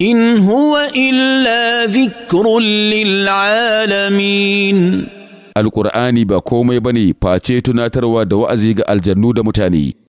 ان هو الا ذكر للعالمين alƙur'ani ba komai ba ne face tunatarwa da wa'azi ga aljannu da mutane